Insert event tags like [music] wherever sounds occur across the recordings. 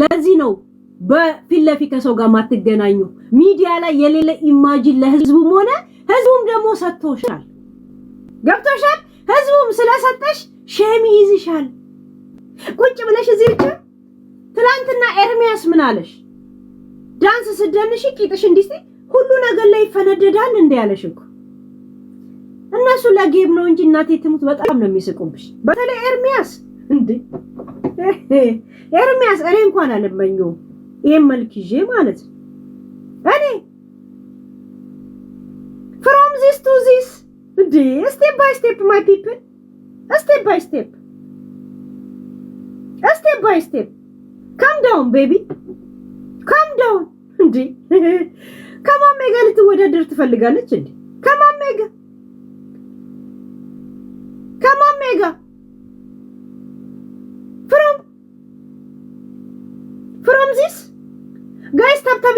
ለዚህ ነው በፊት ለፊት ከሰው ጋር ማትገናኙ ሚዲያ ላይ የሌለ ኢማጂን ለህዝቡም ሆነ ህዝቡም ደግሞ ሰጥቶሻል። ገብቶሻል። ህዝቡም ስለሰጠሽ ሼም ይይዝሻል። ቁጭ ብለሽ እዚህ ብቻ። ትላንትና ኤርሚያስ ምን አለሽ? ዳንስ ስደንሽ ቂጥሽ እንዲስ ሁሉ ነገር ላይ ይፈነደዳል እንደ ያለሽ እኮ እነሱ ለጌብ ነው እንጂ እናቴ ትሙት በጣም ነው የሚስቁብሽ። በተለይ ኤርሚያስ እንዴ ኤርሚያስ፣ እኔ እንኳን አልመኘውም ይሄን መልክ ይዤ ማለት ነው። እኔ ፍሮም ዚስ ቱ ዚስ እንዴ ስቴፕ ባይ ስቴፕ ማይ ፒፕል፣ ስቴፕ ባይ ስቴፕ፣ ስቴፕ ባይ ስቴፕ። ካም ዳውን ቤቢ ካም ዳውን። እንዴ [laughs] ከማሜ ጋር ልትወዳደር ትፈልጋለች እንዴ?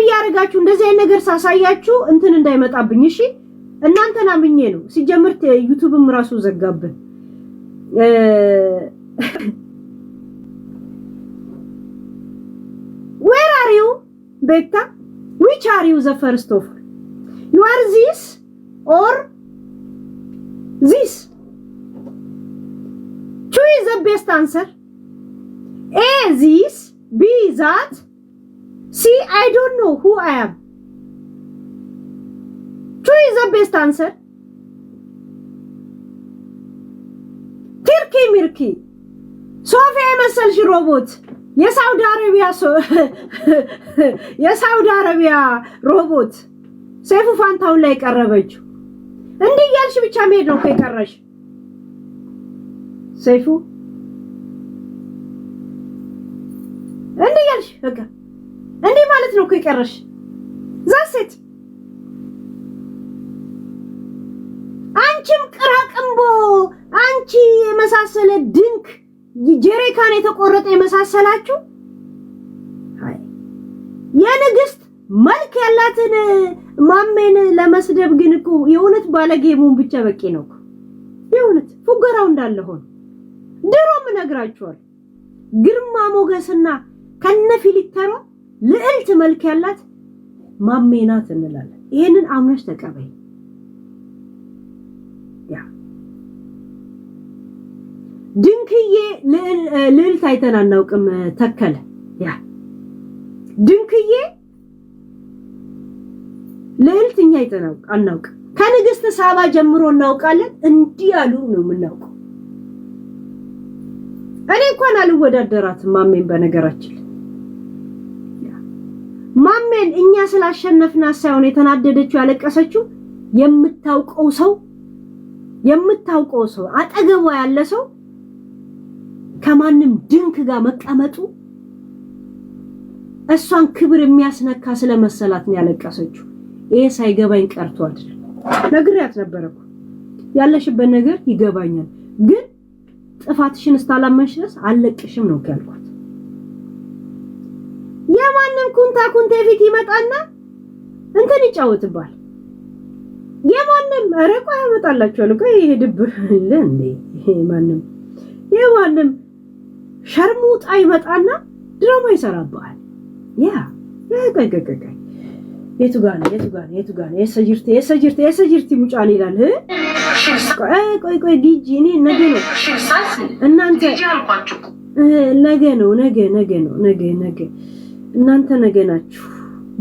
እያደረጋችሁ እንደዚህ አይነት ነገር ሳሳያችሁ እንትን እንዳይመጣብኝ እሺ። እናንተን አምኜ ነው። ሲጀምር ዩቱብም ራሱ ዘጋብን። ዌር አር ዩ ቤታ ዊች አር ዘ ፈርስት ኦፍ ዩ አር ዚስ ኦር ዚስ ቹ ዘ ቤስት አንሰር ኤ ዚስ ቢ ዛት አይ ዶንት ኖ ሁ አይ አም ቱ ኢዝ ዘ ቤስት አንሰር ቲርኪ ሚርኪ ሶፊያ የመሰልሽ ሮቦት የሳውዲ አረቢያ የሳውዲ አረቢያ ሮቦት ሰይፉ ፋንታውን ላይ ቀረበችው። እንዲህ እያልሽ ብቻ መሄድ ነው እኮ የቀረሽ ሰይፉ እንዲህ እያልሽ በቃ ነው እኮ የቀረሽ። ዛሴት አንቺም ቅራቅንቦ አንቺ የመሳሰለ ድንክ ጀሪካን የተቆረጠ የመሳሰላችሁ የንግስት መልክ ያላትን ማሜን ለመስደብ ግን እኮ የእውነት ባለጌ ብቻ በቂ ነው። የእውነት ፉገራው እንዳለ ሆኖ ድሮም እነግራችኋል። ግርማ ሞገስና ከነ ፊሊተሯ ልዕልት መልክ ያላት ማሜ ናት እንላለን። ይሄንን አምነሽ ተቀበይ። ድንክዬ ልዕልት አይተን አናውቅም። ተከለ ያ ድንክዬ ልዕልት እኛ አይተን አናውቅም። ከንግስት ሳባ ጀምሮ እናውቃለን። እንዲህ ያሉ ነው የምናውቀው። እኔ እንኳን አልወዳደራትም ማሜን በነገራችን ግን እኛ ስላሸነፍና ሳይሆን የተናደደችው ያለቀሰችው የምታውቀው ሰው የምታውቀው ሰው አጠገቧ ያለ ሰው ከማንም ድንክ ጋር መቀመጡ እሷን ክብር የሚያስነካ ስለመሰላት ነው ያለቀሰችው። ይሄ ሳይገባኝ ቀርቶ አይደል ነግሬያት ነበር እኮ ያለሽበት ነገር ይገባኛል፣ ግን ጥፋትሽን እስካላመንሽ ድረስ አለቅሽም ነው ያልኩት። ኩንታ ኩንቴ ፊት ይመጣና እንትን ይጫወትባል። የማንም ረቆ ቆይ ያመጣላችኋል። ቆይ ይሄ ድብር እንዴ ማንም የማንም ሸርሙጣ ይመጣና ድራማ ይሰራብሃል። ያ ቀይ ቀይ ቀይ የቱ ጋር ነው? የቱ ጋር ነው? የቱ ጋር ነው? የሰጅርቲ የሰጅርቲ የሰጅርቲ ሙጫን ይላል። ቆይ ቆይ ቆይ ዲጂ እኔ ነገ ነው እናንተ ነገ ነው ነገ ነገ ነው ነገ ነገ እናንተ ነገ ናችሁ።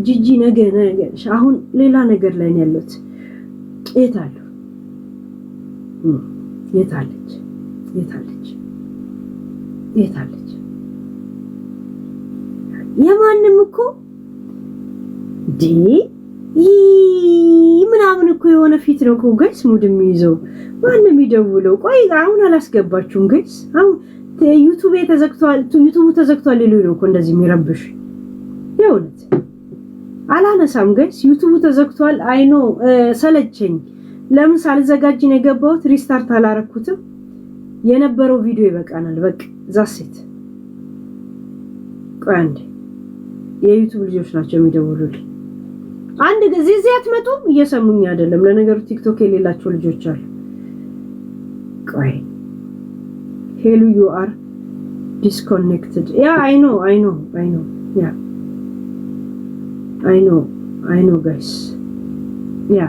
ጂጂ ነገ ነገ አሁን ሌላ ነገር ላይ ነው ያለሁት። የት አለሁ? የት አለች? የት አለች? የት አለች? የማንም እኮ ዲ ምናምን እኮ የሆነ ፊት ነው እኮ ገይስ ሙድ የሚይዘው ማንም ይደውለው። ቆይ አሁን አላስገባችሁም ገይስ? አሁን ዩቱብ ተዘግቷል፣ ዩቱቡ ተዘግቷል ሊሉ ነው እኮ እንደዚህ የሚረብሽ ይኸውልህ አላነሳም ጋይስ ዩቱቡ ተዘግቷል። አይኖ ሰለቸኝ። ለምን ሳልዘጋጅ ነው የገባሁት? ሪስታርት አላረኩትም። የነበረው ቪዲዮ ይበቃናል። በቃ ዛሴት ቆይ አንዴ የዩቱብ ልጆች ናቸው የሚደውሉልኝ። አንድ ጊዜ እዚህ አትመጡም? እየሰሙኝ አይደለም። ለነገሩ ቲክቶክ የሌላቸው ልጆች አሉ። ቆይ ሄሉ ዩ አር ዲስኮኔክትድ ያ አይ ኖ አይ ኖ አይ ኖ ያ አይ ኖ አይ ኖ ጋይስ ያ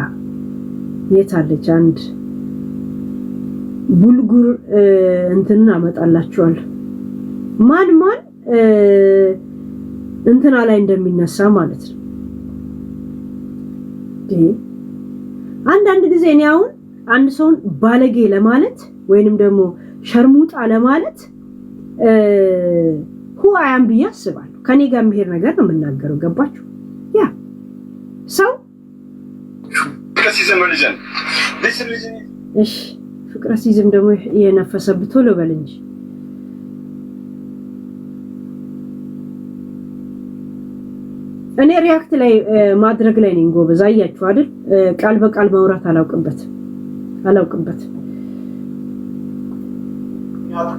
የት አለች? አንድ ቡልጉር እንትን አመጣላችኋል። ማን ማን እንትና ላይ እንደሚነሳ ማለት ነው። አንዳንድ ጊዜ እኔ አሁን አንድ ሰውን ባለጌ ለማለት ወይንም ደግሞ ሸርሙጣ ለማለት ሁ አያም ብዬ አስባለሁ። ከኔ ጋር የሚሄድ ነገር ነው የምናገረው። ገባችሁ? ሰው ፍቅረ ሲዝም ደግሞ የነፈሰብህ ቶሎ በል እንጂ እኔ ሪያክት ላይ ማድረግ ላይ ነኝ ጎበዝ። አያችሁ አይደል? ቃል በቃል ማውራት አላውቅበት አላውቅበት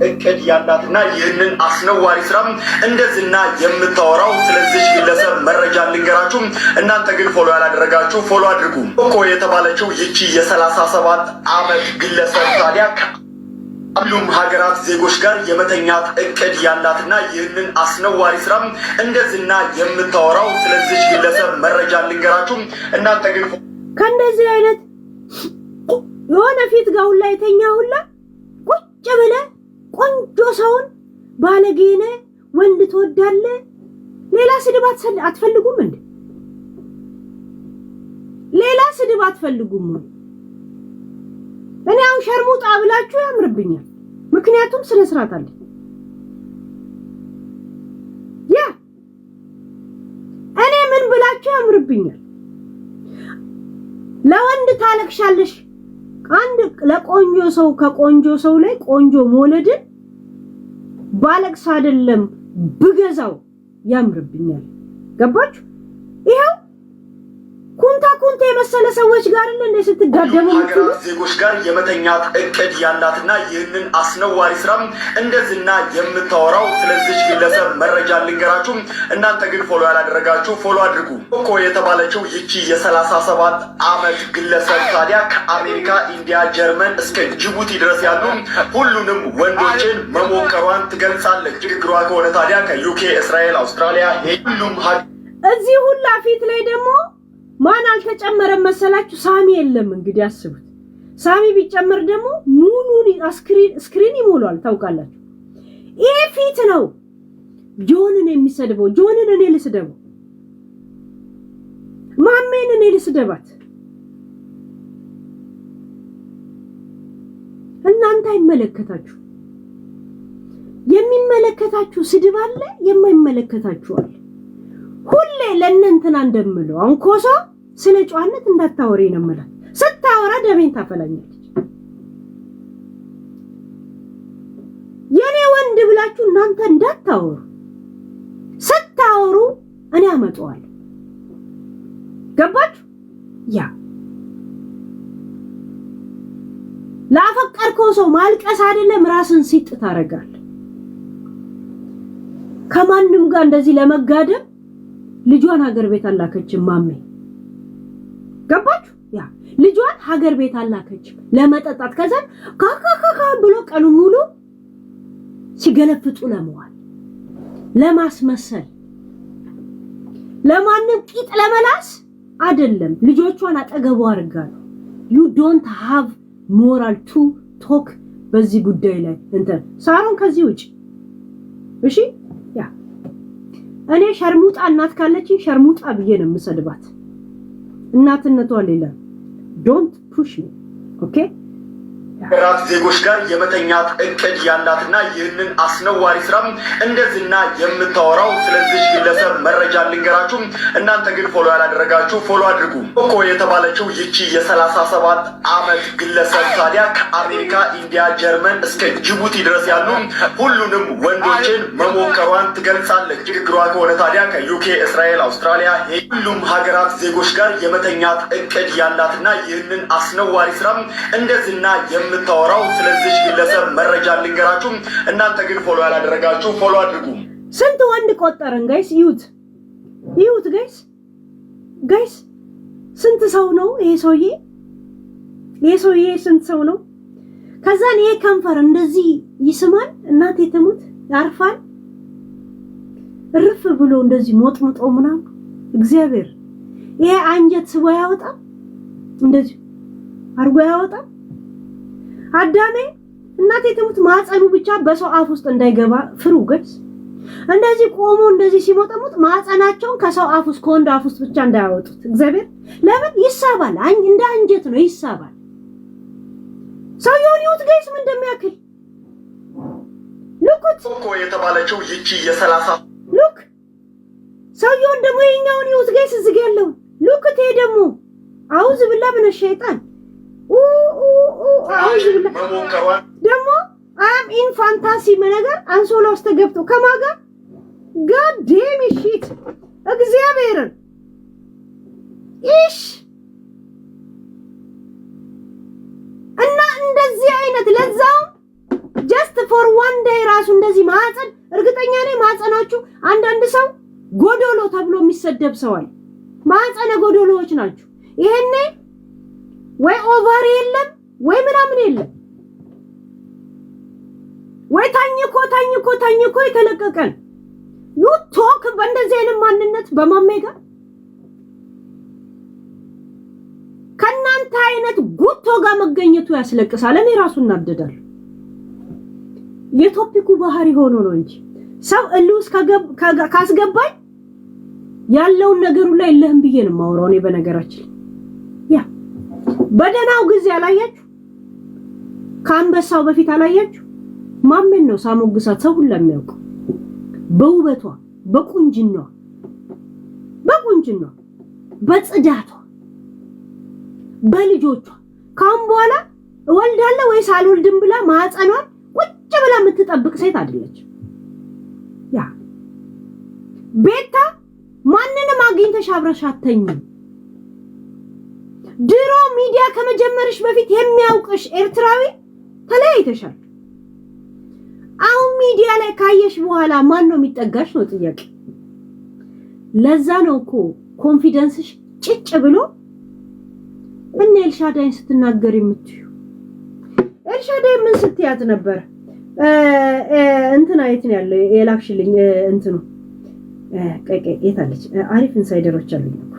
እቅድ ያላትና ይህንን አስነዋሪ ስራ እንደዝና የምታወራው ስለዚህ ግለሰብ መረጃ ልንገራችሁ። እናንተ ግን ፎሎ ያላደረጋችሁ ፎሎ አድርጉ። እኮ የተባለችው ይቺ የሰላሳ ሰባት አመት ግለሰብ ታዲያ ሁሉም ሀገራት ዜጎች ጋር የመተኛት እቅድ ያላትና ይህንን አስነዋሪ ስራ እንደዝና የምታወራው ስለዚህ ግለሰብ መረጃ ልንገራችሁ። እናንተ ግን ከእንደዚህ አይነት የሆነ ፊት ጋር ሁላ የተኛ ሁላ ቁጭ ብለህ ቆንጆ ሰውን ባለጌነ ወንድ ትወዳለ ሌላ ስድብ አትፈልጉም እንዴ? ሌላ ስድብ አትፈልጉም? እኔ አሁን ሸርሙጣ ብላችሁ ያምርብኛል። ምክንያቱም ስነ ስርዓት አለ። ያ እኔ ምን ብላችሁ ያምርብኛል? ለወንድ ታለቅሻለሽ። አንድ ለቆንጆ ሰው ከቆንጆ ሰው ላይ ቆንጆ መውለድን ባለቅሶ አይደለም ብገዛው ያምርብኛል። ገባችሁ? ከእናንተ የመሰለ ሰዎች ጋር እንደ ስትጋደሙ ሀገራት ዜጎች ጋር የመተኛት እቅድ ያላትና ይህንን አስነዋሪ ስራም እንደዝና የምታወራው ስለዚች ግለሰብ መረጃ ልንገራችሁ። እናንተ ግን ፎሎ ያላደረጋችሁ ፎሎ አድርጉ። እኮ የተባለችው ይቺ የሰላሳ ሰባት አመት ግለሰብ ታዲያ ከአሜሪካ፣ ኢንዲያ፣ ጀርመን እስከ ጅቡቲ ድረስ ያሉ ሁሉንም ወንዶችን መሞከሯን ትገልጻለች። ንግግሯ ከሆነ ታዲያ ከዩኬ፣ እስራኤል፣ አውስትራሊያ ሁሉም እዚህ ሁላ ፊት ላይ ደግሞ ማን አልተጨመረም መሰላችሁ? ሳሚ የለም። እንግዲህ አስቡት። ሳሚ ቢጨመር ደግሞ ሙሉን ስክሪን ይሞሏል። ታውቃላችሁ፣ ይሄ ፊት ነው ጆንን የሚሰድበው። ጆንን እኔ ልስደበው፣ ማሜን እኔ ልስደባት። እናንተ አይመለከታችሁ። የሚመለከታችሁ ስድብ አለ፣ የማይመለከታችሁ አለ። ሁሌ ለእነንትና እንደምለው አንኮሶ ስለ ጨዋነት እንዳታወሪ ነው የምላት። ስታወራ ደሜን ታፈላኛለች። የኔ ወንድ ብላችሁ እናንተ እንዳታወሩ፣ ስታወሩ እኔ አመጣዋለሁ። ገባችሁ? ያ ላፈቀርከው ሰው ማልቀስ አይደለም ራስን ሲጥ ታደርጋለህ። ከማንም ጋር እንደዚህ ለመጋደም ልጇን ሀገር ቤት አላከችም። ማሜ ገባችሁ? ያ ልጇን ሀገር ቤት አላከችም ለመጠጣት ከዛ ካካካካ ብሎ ቀኑን ሙሉ ሲገለፍጡ ለመዋል ለማስመሰል ለማንም ቂጥ ለመላስ አይደለም። ልጆቿን አጠገቡ አድርጋ ነው። ዩ ዶንት ሃቭ ሞራል ቱ ቶክ በዚህ ጉዳይ ላይ እንትን ሳሮን ከዚህ ውጭ እሺ እኔ ሸርሙጣ እናት ካለችኝ ሸርሙጣ ብዬ ነው የምሰድባት። እናትነቷ ሌላ። ዶንት ፑሽ ሚ ኦኬ ራት ዜጎች ጋር የመተኛት እቅድ ያላትና ይህንን አስነዋሪ ስራም እንደዚህና የምታወራው ስለዚህ ግለሰብ መረጃ ልንገራችሁ። እናንተ ግን ፎሎ ያላደረጋችሁ ፎሎ አድርጉ። እኮ የተባለችው ይቺ የሰላሳ ሰባት አመት ግለሰብ ታዲያ ከአሜሪካ፣ ኢንዲያ፣ ጀርመን እስከ ጅቡቲ ድረስ ያሉ ሁሉንም ወንዶችን መሞከሯን ትገልጻለች። ንግግሯ ከሆነ ታዲያ ከዩኬ፣ እስራኤል፣ አውስትራሊያ ሁሉም ሀገራት ዜጎች ጋር የመተኛት እቅድ ያላትና ይህንን አስነዋሪ ስራ እንደዚህና የምታወራው ስለዚህ ግለሰብ መረጃ ልንገራችሁም። እናንተ ግን ፎሎ ያላደረጋችሁ ፎሎ አድርጉ። ስንት ወንድ ቆጠርን ጋይስ፣ ይዩት፣ ይዩት ጋይስ፣ ጋይስ፣ ስንት ሰው ነው ይሄ ሰውዬ? ይሄ ሰውዬ ስንት ሰው ነው? ከዛን ይሄ ከንፈር እንደዚህ ይስማል። እናቴ ትሙት ያርፋል። ርፍ ብሎ እንደዚህ ሞጥሞጦ ምናምን እግዚአብሔር ይሄ አንጀት ስቦ ያወጣ እንደዚህ አርጎ ያወጣ አዳሜ እናቴ ትሙት ማጸኑ ብቻ በሰው አፍ ውስጥ እንዳይገባ ፍሩ። ገጽ እንደዚህ ቆሞ እንደዚህ ሲሞጠሙት ማጸናቸውን ከሰው አፍ ውስጥ ከወንድ አፍ ውስጥ ብቻ እንዳያወጡት እግዚአብሔር። ለምን ይሳባል? አኝ እንደ አንጀት ነው ይሳባል። ሰውየውን ይሁት ገይስ ምን እንደሚያክል ልኩት እኮ የተባለችው ይቺ የሰላሳ ልክ ሰውየውን ደግሞ የኛውን ይሁት ገይስ እዚህ ያለው ልኩት። ይሄ ደግሞ አውዝ ብላ ምን ሸይጣን ደግሞ አም ኢን ፋንታሲ ነገር አንሶላ ውስጥ ከማጋ እግዚአብሔርን ኢሽ እና እንደዚህ አይነት ለዛው ጀስት ፎር ዋን ዴይ ራሱ እንደዚህ ማህፀን እርግጠኛ ነኝ ማህፀናችሁ አንዳንድ ሰው ጎዶሎ ተብሎ የሚሰደብ ማህፀነ ጎዶሎዎች ናችሁ። ይሄኔ ወይ ኦቫሪ የለም ወይ ምናምን የለም ወይ ታኝኮ ታኝኮ ታኝኮ የተለቀቀን ዩ ቶክ በእንደዚህ አይነት ማንነት በማሜ ጋር ከእናንተ አይነት ጉቶ ጋር መገኘቱ ያስለቅሳል። እኔ ራሱ እናደዳል። የቶፒኩ ባህሪ ሆኖ ነው እንጂ ሰው እልህ ካስገባኝ ያለውን ነገሩ ላይ ለህም ብዬ ነው የማወራው። እኔ በነገራችን ያ በደህናው ጊዜ አላያችሁ ከአንበሳው በፊት አላያችሁ? ማመን ነው ሳሞግሳት ሰው ሁሉ የሚያውቅ በውበቷ በቁንጅናዋ በቁንጅኗ በጽዳቷ በልጆቿ ካሁን በኋላ እወልዳለሁ ወይስ አልወልድም ብላ ማዕፀኗን ቁጭ ብላ የምትጠብቅ ሴት አይደለች። ያ ቤታ ማንንም አግኝተሽ አብረሽ አተኝም። ድሮ ሚዲያ ከመጀመርሽ በፊት የሚያውቅሽ ኤርትራዊ አይተሻል። አሁን ሚዲያ ላይ ካየሽ በኋላ ማን ነው የሚጠጋሽ ነው ጥያቄ። ለዛ ነው እኮ ኮንፊደንስሽ ጭጭ ብሎ እነ ኤልሻዳይን ስትናገር የምትዩ። ኤልሻዳይ ምን ስትያት ነበር? እንትን የት ነው ያለው የላክሽልኝ እንትኑ ቀቀ የታለች? አሪፍ ኢንሳይደሮች አሉኝ እኮ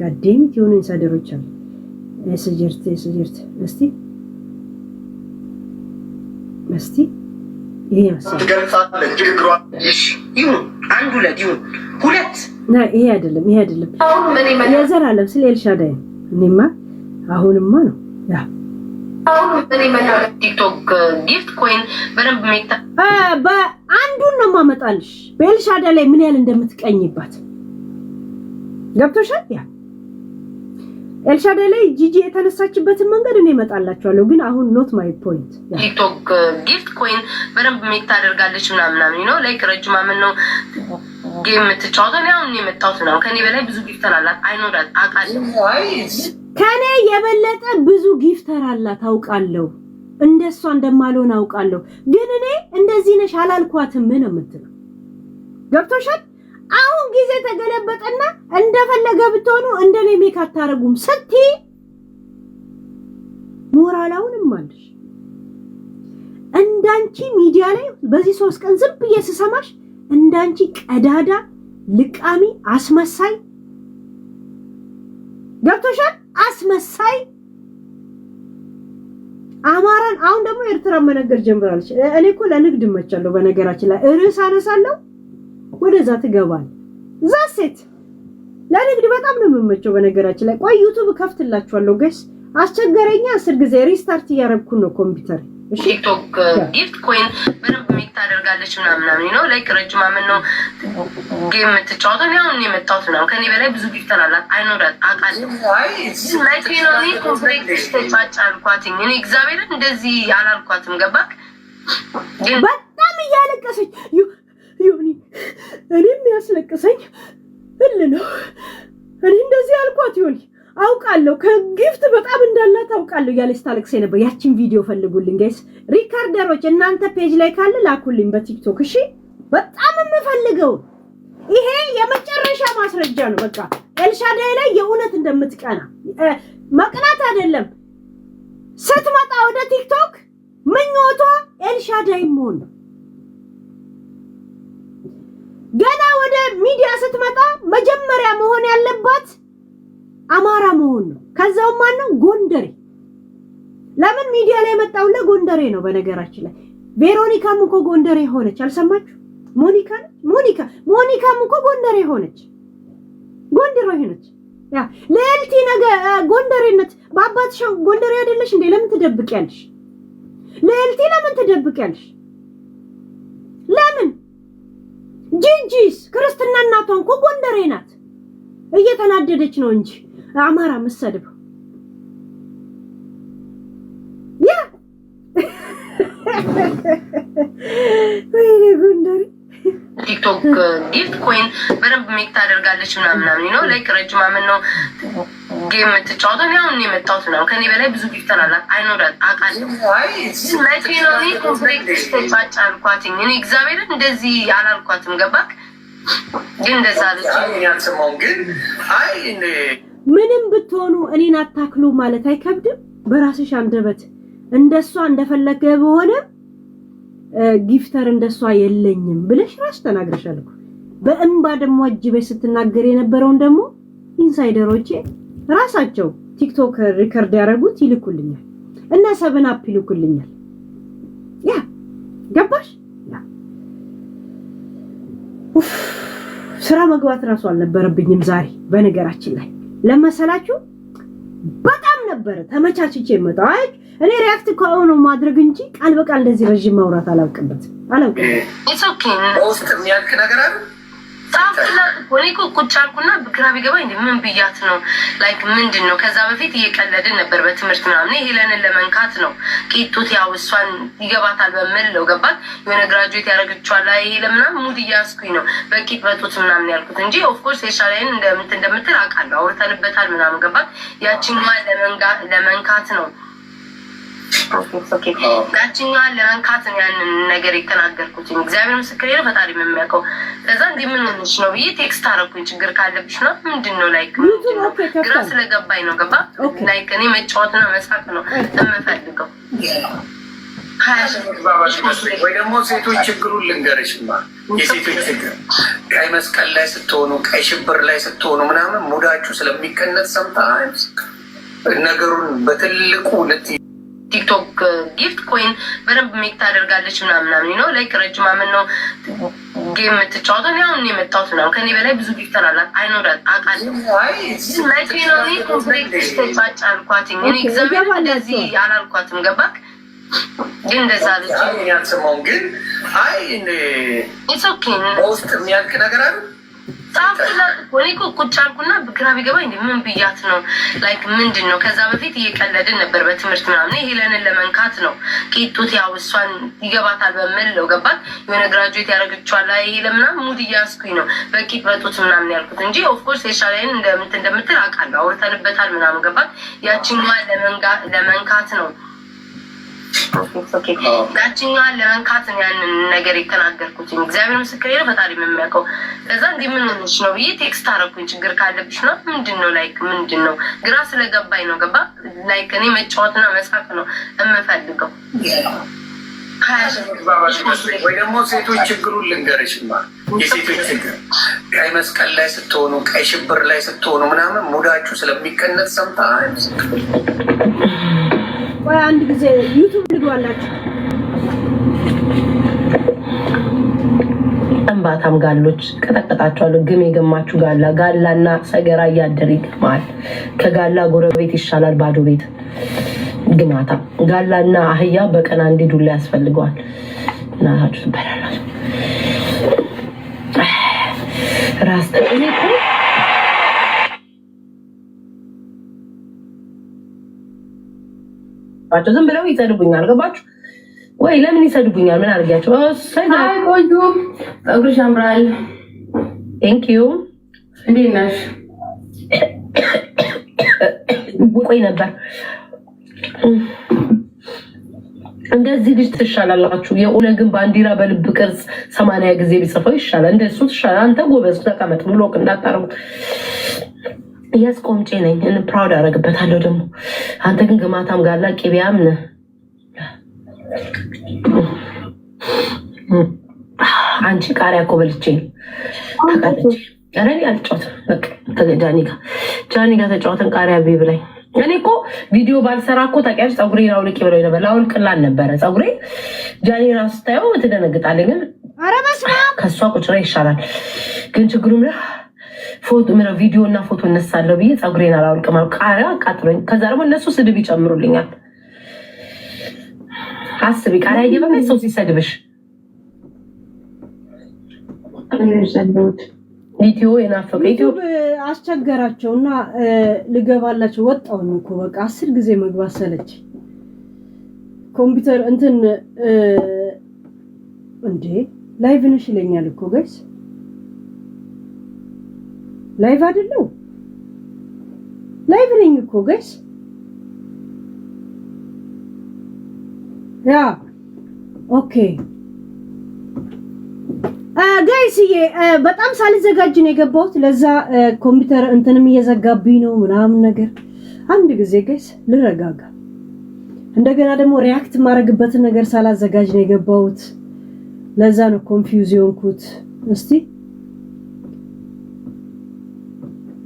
ጋዴም የሆኑ ኢንሳይደሮች አሉ። ስጀርት ስጀርት እስቲ እስቲ ይሄ ትገልጻለች ንግግሯ አንድ ሁለት ይሁን ሁለት ይሄ አይደለም ይሄ አይደለም የዘላለም ስለ ኤልሻዳይ እኔማ አሁንማ ነው ያ ነው ማመጣልሽ በኤልሻዳይ ላይ ምን ያህል እንደምትቀኝባት ገብቶሻል ያ ኤልሻዳይ ላይ ጂጂ የተነሳችበትን መንገድ እኔ እመጣላችኋለሁ፣ ግን አሁን ኖት ማይ ፖይንት። ቲክቶክ ጊፍት uh, ኮይን በደንብ ሜክ ታደርጋለች ምናምናም ነው ላይክ ረጅም አመት ነው ጌም የምትጫወተው። እኔ አሁን የመጣሁት ነው ከኔ በላይ ብዙ ጊፍተር አላት። አይኖዳት አውቃለሁ። ከኔ የበለጠ ብዙ ጊፍተር አላት አውቃለሁ። እንደሷ እንደማልሆን አውቃለሁ፣ ግን እኔ እንደዚህ ነሽ አላልኳትም ምን የምትለው። ገብቶሻል? አሁን ጊዜ ተገለበጠና እንደፈለገ ብትሆኑ እንደኔ ሌሜክ አታረጉም ስቲ ሞራላውንም እንዳንቺ ሚዲያ ላይ በዚህ ሶስት ቀን ዝም ብዬ ስሰማሽ እንዳንቺ ቀዳዳ ልቃሚ አስመሳይ ገብቶሻል። አስመሳይ አማራን አሁን ደግሞ ኤርትራ መነገር ጀምራለች። እኔ እኮ ለንግድ መቻለሁ በነገራችን ላይ ርዕስ አነሳለሁ። ወደዛ ትገባል። ዛሴት ለንግድ በጣም ነው የምመቸው። በነገራችን ላይ ቆይ ዩቱብ ከፍትላችኋለሁ ጋይስ። አስቸገረኛ አስር ጊዜ ሪስታርት እያረግኩ ነው ኮምፒውተር። ቲክቶክ ጊፍት ኮይን በደንብ ታደርጋለች ምናምናምን ነው ላይክ ረጅም አመት ነው ጌም የምትጫወተው። ያው እኔ የመጣሁት ነው ከኔ በላይ ብዙ ጊፍተር አላት። አይኖዳት አውቃለሁ። ኢኮኖሚ ኮምፕሬክስ ተጫጭ አልኳትኝ እኔ እግዚአብሔርን እንደዚህ አላልኳትም። ገባክ? በጣም እያለቀሰች ዮኒ፣ እኔ የሚያስለቅሰኝ እል ነው። እኔ እንደዚህ አልኳት ዮኒ አውቃለሁ ከጊፍት በጣም እንዳላት አውቃለሁ እያለች ስታለቅስ ነበር። ያችን ቪዲዮ ፈልጉልኝ ጋይስ፣ ሪካርደሮች እናንተ ፔጅ ላይ ካለ ላኩልኝ በቲክቶክ እሺ። በጣም የምፈልገው ይሄ የመጨረሻ ማስረጃ ነው። በቃ ኤልሻዳይ ላይ የእውነት እንደምትቀና መቅናት አይደለም ስትመጣ ወደ ቲክቶክ ምኞቷ ኤልሻዳይ መሆን ነው። ሚዲያ ስትመጣ መጀመሪያ መሆን ያለባት አማራ መሆን ነው። ከዛውም ማን ነው? ጎንደሬ። ለምን ሚዲያ ላይ የመጣው ለጎንደሬ ነው። በነገራችን ላይ ቬሮኒካም እኮ ጎንደሬ ሆነች። አልሰማችሁ? ሞኒካ ሞኒካ ሞኒካም እኮ ጎንደሬ ሆነች። ጎንደሬ ሆነች። ያ ለልቲ ነገ ጎንደሬነት በአባትሽ ጎንደሬ አይደለሽ እንዴ? ለምን ትደብቂያለሽ? ለልቲ ለምን ትደብቂያለሽ? ጂጂስ ክርስትና እናቷ እኮ ጎንደሬ ናት። እየተናደደች ነው እንጂ አማራ የምትሰድበው ያ ወይኔ ጎንደሬ ቲክቶክ ጊፍት ኮይን በደንብ ሜክ ታደርጋለች ምናምን ነው ላይክ ረጅም አመት ነው ጌም የምትጫወተው ያው እኔ የመጣሁት ነው። ከኔ በላይ ብዙ ጊፍተር አላት አይኖራት አውቃለሁ። መቼ ነው እኔ ኮምፕሌክስ ተጫጭ አልኳትኝ። እኔ እግዚአብሔርን እንደዚህ አላልኳትም። ገባክ ግን እንደዛ ምንም ብትሆኑ እኔን አታክሉ ማለት አይከብድም። በራስሽ አንደበት እንደሷ እንደፈለገ በሆነ ጊፍተር እንደሷ የለኝም ብለሽ ራስ ተናግረሻል። በእንባ ደግሞ አጅበሽ ስትናገር የነበረውን ደግሞ ኢንሳይደሮቼ ራሳቸው ቲክቶክ ሪከርድ ያደረጉት ይልኩልኛል እና ሰብን አፕ ይልኩልኛል። ያ ገባሽ? ስራ መግባት እራሱ አልነበረብኝም ዛሬ። በነገራችን ላይ ለመሰላችሁ በጣም ነበረ ተመቻችቼ የመጣው አይ እኔ ሪያክት ከሆነ ማድረግ እንጂ ቃል በቃል እንደዚህ ረዥም ማውራት አላውቅበት አላውቅበት እኔ ቁጭ አልኩና ግራ ቢገባኝ ምን ብያት ነው ላይክ ምንድን ነው? ከዛ በፊት እየቀለድን ነበር በትምህርት ምናምን። ሄለንን ለመንካት ነው ቂጡት። ያው እሷን ይገባታል በምል ነው ገባት። የሆነ ግራጁዌት ያደረግችዋል ሄለ ምናምን ሙድ እያስኩኝ ነው በቂጥ በጡት ምናምን ያልኩት እንጂ ኦፍኮርስ የሻላይን እንደምትል አውቃለሁ። አውርተንበታል ምናምን ገባት። ያችኛዋ ለመንካት ነው ኦኬ ያችኛዋን ለመንካት ያንን ነገር የተናገርኩት እግዚአብሔር ምስክር ነው፣ ፈጣሪ የሚያውቀው። ከዛ እንዲ ምን ሆነች ነው ብዬ ቴክስት አደረኩኝ። ችግር ካለብሽ ነው ምንድን ነው ላይክ ግራ ስለገባኝ ነው። ገባ ላይክ እኔ መጫወትና መሳቅ ነው የምፈልገው። ወይ ደግሞ ሴቶች ችግሩን ልንገርሽማ፣ የሴቶች ችግር ቀይ መስቀል ላይ ስትሆኑ፣ ቀይ ሽብር ላይ ስትሆኑ ምናምን ሙዳችሁ ስለሚቀነጥ ሰምታ ነገሩን በትልቁ ልት ቲክቶክ ጊፍት uh, ኮይን በደንብ ሜክ ታደርጋለች ምናምናምን ነው ላይክ ረጅም አመት ነው ጌም የምትጫወተው። እኔ ኔ የመጣሁት ምናምን ከኔ በላይ ብዙ ጊፍት አላት አይኖራት አውቃለሁ። ነው አልኳትኝ። እኔ እግዚአብሔር እንደዚህ አላልኳትም። ገባክ ግን እንደዛ ልጅ ግን አይ ኦኬ ውስጥ የሚያልቅ ነገር አይደል ጻፍኩላት ቁጭ አልኩና ግራ ቢገባኝ ምን ብያት ነው ላይክ ምንድን ነው? ከዛ በፊት እየቀለድን ነበር በትምህርት ምናምን። ሄለንን ለመንካት ነው ቂጡት። ያው እሷን ይገባታል በምል ነው ገባት። የሆነ ግራጁዌት ያደረግችዋል ሄለ ምናምን ሙድ እያስኩኝ ነው በቂጥ በጡት ምናምን ያልኩት እንጂ ኦፍኮርስ የሻላይን እንደምት እንደምትል አውቃለሁ። አውርተንበታል ምናምን ገባት። ያችኛዋን ለመንካት ነው ያችኛዋን ለመንካት ያንን ነገር የተናገርኩትኝ እግዚአብሔር ምስክር ነው፣ ፈጣሪ የሚያውቀው። ከዛ እንዲህ ምን ሆነች ነው ብዬ ቴክስት አደረኩኝ። ችግር ካለብሽ ነው ምንድን ነው ላይክ ምንድን ነው ግራ ስለገባኝ ነው። ገባ ላይክ እኔ መጫወትና መጻፍ ነው የምፈልገው። ወይ ደግሞ ሴቶች ችግሩን ልንገርሽማ፣ የሴቶች ችግር ቀይ መስቀል ላይ ስትሆኑ፣ ቀይ ሽብር ላይ ስትሆኑ ምናምን ሙዳችሁ ስለሚቀነጥ ሰምታ ቆይ አንድ ጊዜ ዩቱብ ልግባላችሁ። እንባታም ጋሎች ቀጠቀጣቸዋለሁ። ግም የገማችሁ ጋላ ጋላና ሰገራ እያደር ይገማል። ከጋላ ጎረቤት ይሻላል ባዶ ቤት ግማታ። ጋላና አህያ በቀን አንዴ ዱላ ያስፈልገዋል። እናታችሁ ትበላላችሁ ራስ ያለባቸው። ዝም ብለው ይሰድቡኛል። ገባችሁ ወይ? ለምን ይሰድቡኛል? ምን አድርጊያቸው? ቆዩ ጸጉርሽ ያምራል። ቴንክ ዩ። እንዴት ነሽ? ቆይ ነበር እንደዚህ ልጅ ትሻላላችሁ። የኦነግን ባንዲራ በልብ ቅርጽ ሰማንያ ጊዜ ቢጽፈው ይሻላል። እንደሱ ትሻላል። አንተ ጎበዝ ተቀመጥ ብሎክ እንዳታረጉት እያስቆምጬ ቆምጬ ነኝ ፕራውድ አደርግበታለሁ። ደግሞ አንተ ግን ግማታም ጋላ ቂቢያም ነ አንቺ ቃሪያ እኮ በልቼ ረን አልጫወትም። ጃኒ ጋ ጃኒ ጋ ተጫወትን። ቃሪያ ቤ ብላኝ እኔ እኮ ቪዲዮ ባልሰራ እኮ ታውቂያለሽ። ፀጉሬን አውልቄ ብለው ነበር። ላውልቅላ ነበረ ፀጉሬ ጃኒ ራሱ ስታየው ትደነግጣለች። ግን ከእሷ ቁጭራ ይሻላል። ግን ችግሩም ቪዲዮ እና ፎቶ እነሳለሁ ብዬ ፀጉሬን አላወልቅም አሉ። ቃሪያ አቃጥሎኝ፣ ከዛ ደግሞ እነሱ ስድብ ይጨምሩልኛል። አስቢ፣ ቃሪያ እየበላ ሰው ሲሰድብሽ። ኢትዮ የናፈቀ ኢትዮ አስቸገራቸው እና ልገባላቸው ወጣሁኝ እኮ በቃ አስር ጊዜ መግባት ሰለች። ኮምፒውተር እንትን እንዴ ላይቭ ነሽ ይለኛል እኮ ገይስ ላይቭ አይደለው? ላይቭ ነኝ እኮ ጋይስ። ያ ኦኬ ጋይስዬ በጣም ሳልዘጋጅ ነው የገባሁት። ለዛ ኮምፒውተር እንትንም እየዘጋብኝ ነው ምናምን ነገር። አንድ ጊዜ ጋይስ ልረጋጋ። እንደገና ደግሞ ሪያክት የማደርግበትን ነገር ሳላዘጋጅ ነው የገባሁት። ለዛ ነው ኮንፊውዝ የሆንኩት። እስቲ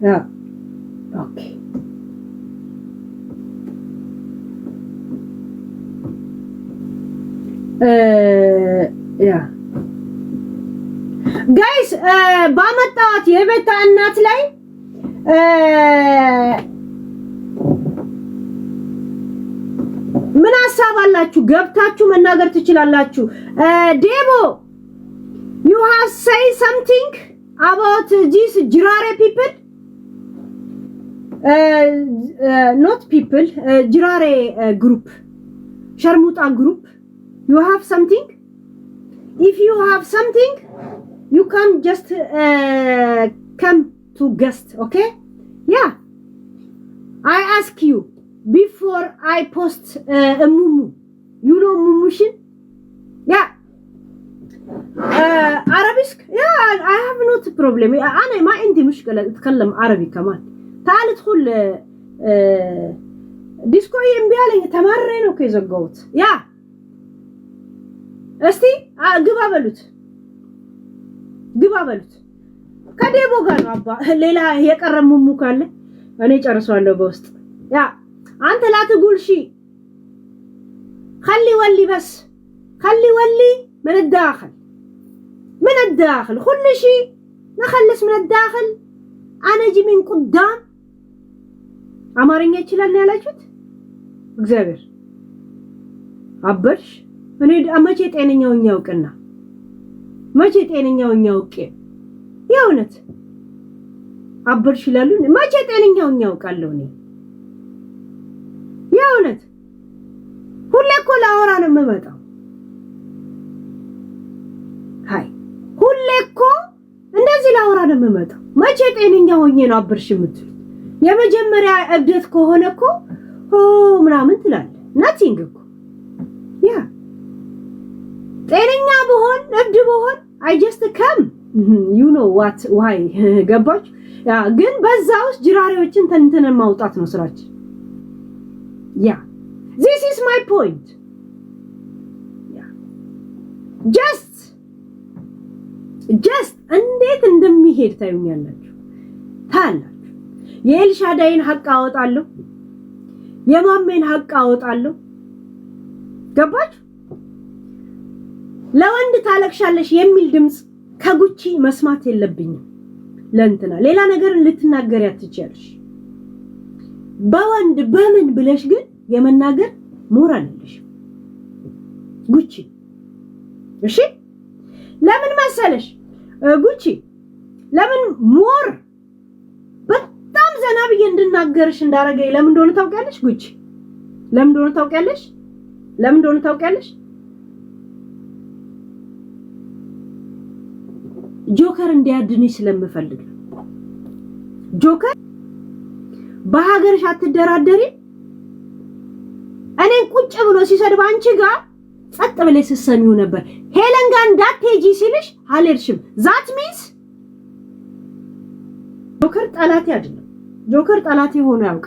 Ja. Okay. ያ ጋይስ ባመጣዋት የቤታ እናት ላይ ምን ሀሳብ አላችሁ? ገብታችሁ መናገር ትችላላችሁ። ዴቦ ዩ ሃቭ ሰይ ሰምቲንግ አባውት ዚስ ጅራሬ ፒፕል Uh, uh, not people, uh, Jirare uh, group, Sharmuta group, you have something? If you have something, you can just uh, come to guest, okay? Yeah. I ask you before I post a mumu. You know mumushin? Yeah. Arabic? Yeah, I, have not a problem. أنا ما عندي مشكلة أتكلم عربي Arabic. ታልትኩል ዲስኮዬ እምቢ አለኝ። ተማሬ ነው እኮ የዘጋሁት። ያ እስቲ ግባ በሉት፣ ግባ በሉት። ከዴቦ ጋር ነው አባ። ሌላ የቀረ ሙሙ ካለ እኔ ጨርሷለሁ በውስጥ ያ አንተ ላትጉልሺ ከሊ ወሊ በስ ከሊ ወሊ ምን ዳኽል ምን ዳኽል ኩልሺ ነኸልስ ምን ዳኽል አነጂ ምን ቁዳም አማርኛ ይችላል ነው ያላችሁት? እግዚአብሔር አበርሽ። እኔ መቼ ጤነኛው እኛ ያውቅና መቼ ጤነኛው እኛ ያውቅ የእውነት አበርሽ ይላሉ። መቼ ጤነኛው ያውቃለሁ እኔ የእውነት ሁሌ እኮ ላወራ ነው የምመጣው። ሀይ ሁሌ እኮ እንደዚህ ላወራ ነው የምመጣው። መቼ ጤነኛ ሆኜ ነው አበርሽ የምትሉት? የመጀመሪያ እብደት ከሆነ እኮ ሆ ምናምን ትላለ ናቲንግ እኮ ያ ጤነኛ በሆን እብድ በሆን አይጀስት ከም ዩ ኖ ዋት ዋይ ገባች። ግን በዛ ውስጥ ጅራሪዎችን ተንትነን ማውጣት ነው ስራችን። ያ ዚስ ኢዝ ማይ ፖይንት ጀስት ጀስት እንዴት እንደሚሄድ ታዩኛላችሁ ታላ የኤልሻዳይን ሀቅ አወጣለሁ፣ የማሜን ሀቅ አወጣለሁ። ገባች? ለወንድ ታለቅሻለሽ የሚል ድምፅ ከጉቺ መስማት የለብኝም። ለእንትና ሌላ ነገር ልትናገር አትችያለሽ። በወንድ በምን ብለሽ ግን የመናገር ሞራል አለሽ ጉቺ። እሺ ለምን መሰለሽ ጉቺ ለምን ሞር ዘና ብዬ እንድናገርሽ እንዳረገኝ ለምን እንደሆነ ታውቂያለሽ? ጉቺ ለምን እንደሆነ ታውቂያለሽ? ለምን እንደሆነ ታውቂያለሽ? ጆከር እንዲያድንሽ ስለምፈልግ ጆከር በሀገርሽ አትደራደሪ። እኔን ቁጭ ብሎ ሲሰድብ አንቺ ጋር ጸጥ ብለሽ ስትሰሚው ነበር። ሄለን ጋር እንዳትሄጂ ሲልሽ አልሄድሽም። ዛት ሚንስ ጆከር ጠላቴ አይደለም። ጆከር ጠላት የሆኑ ያውቅ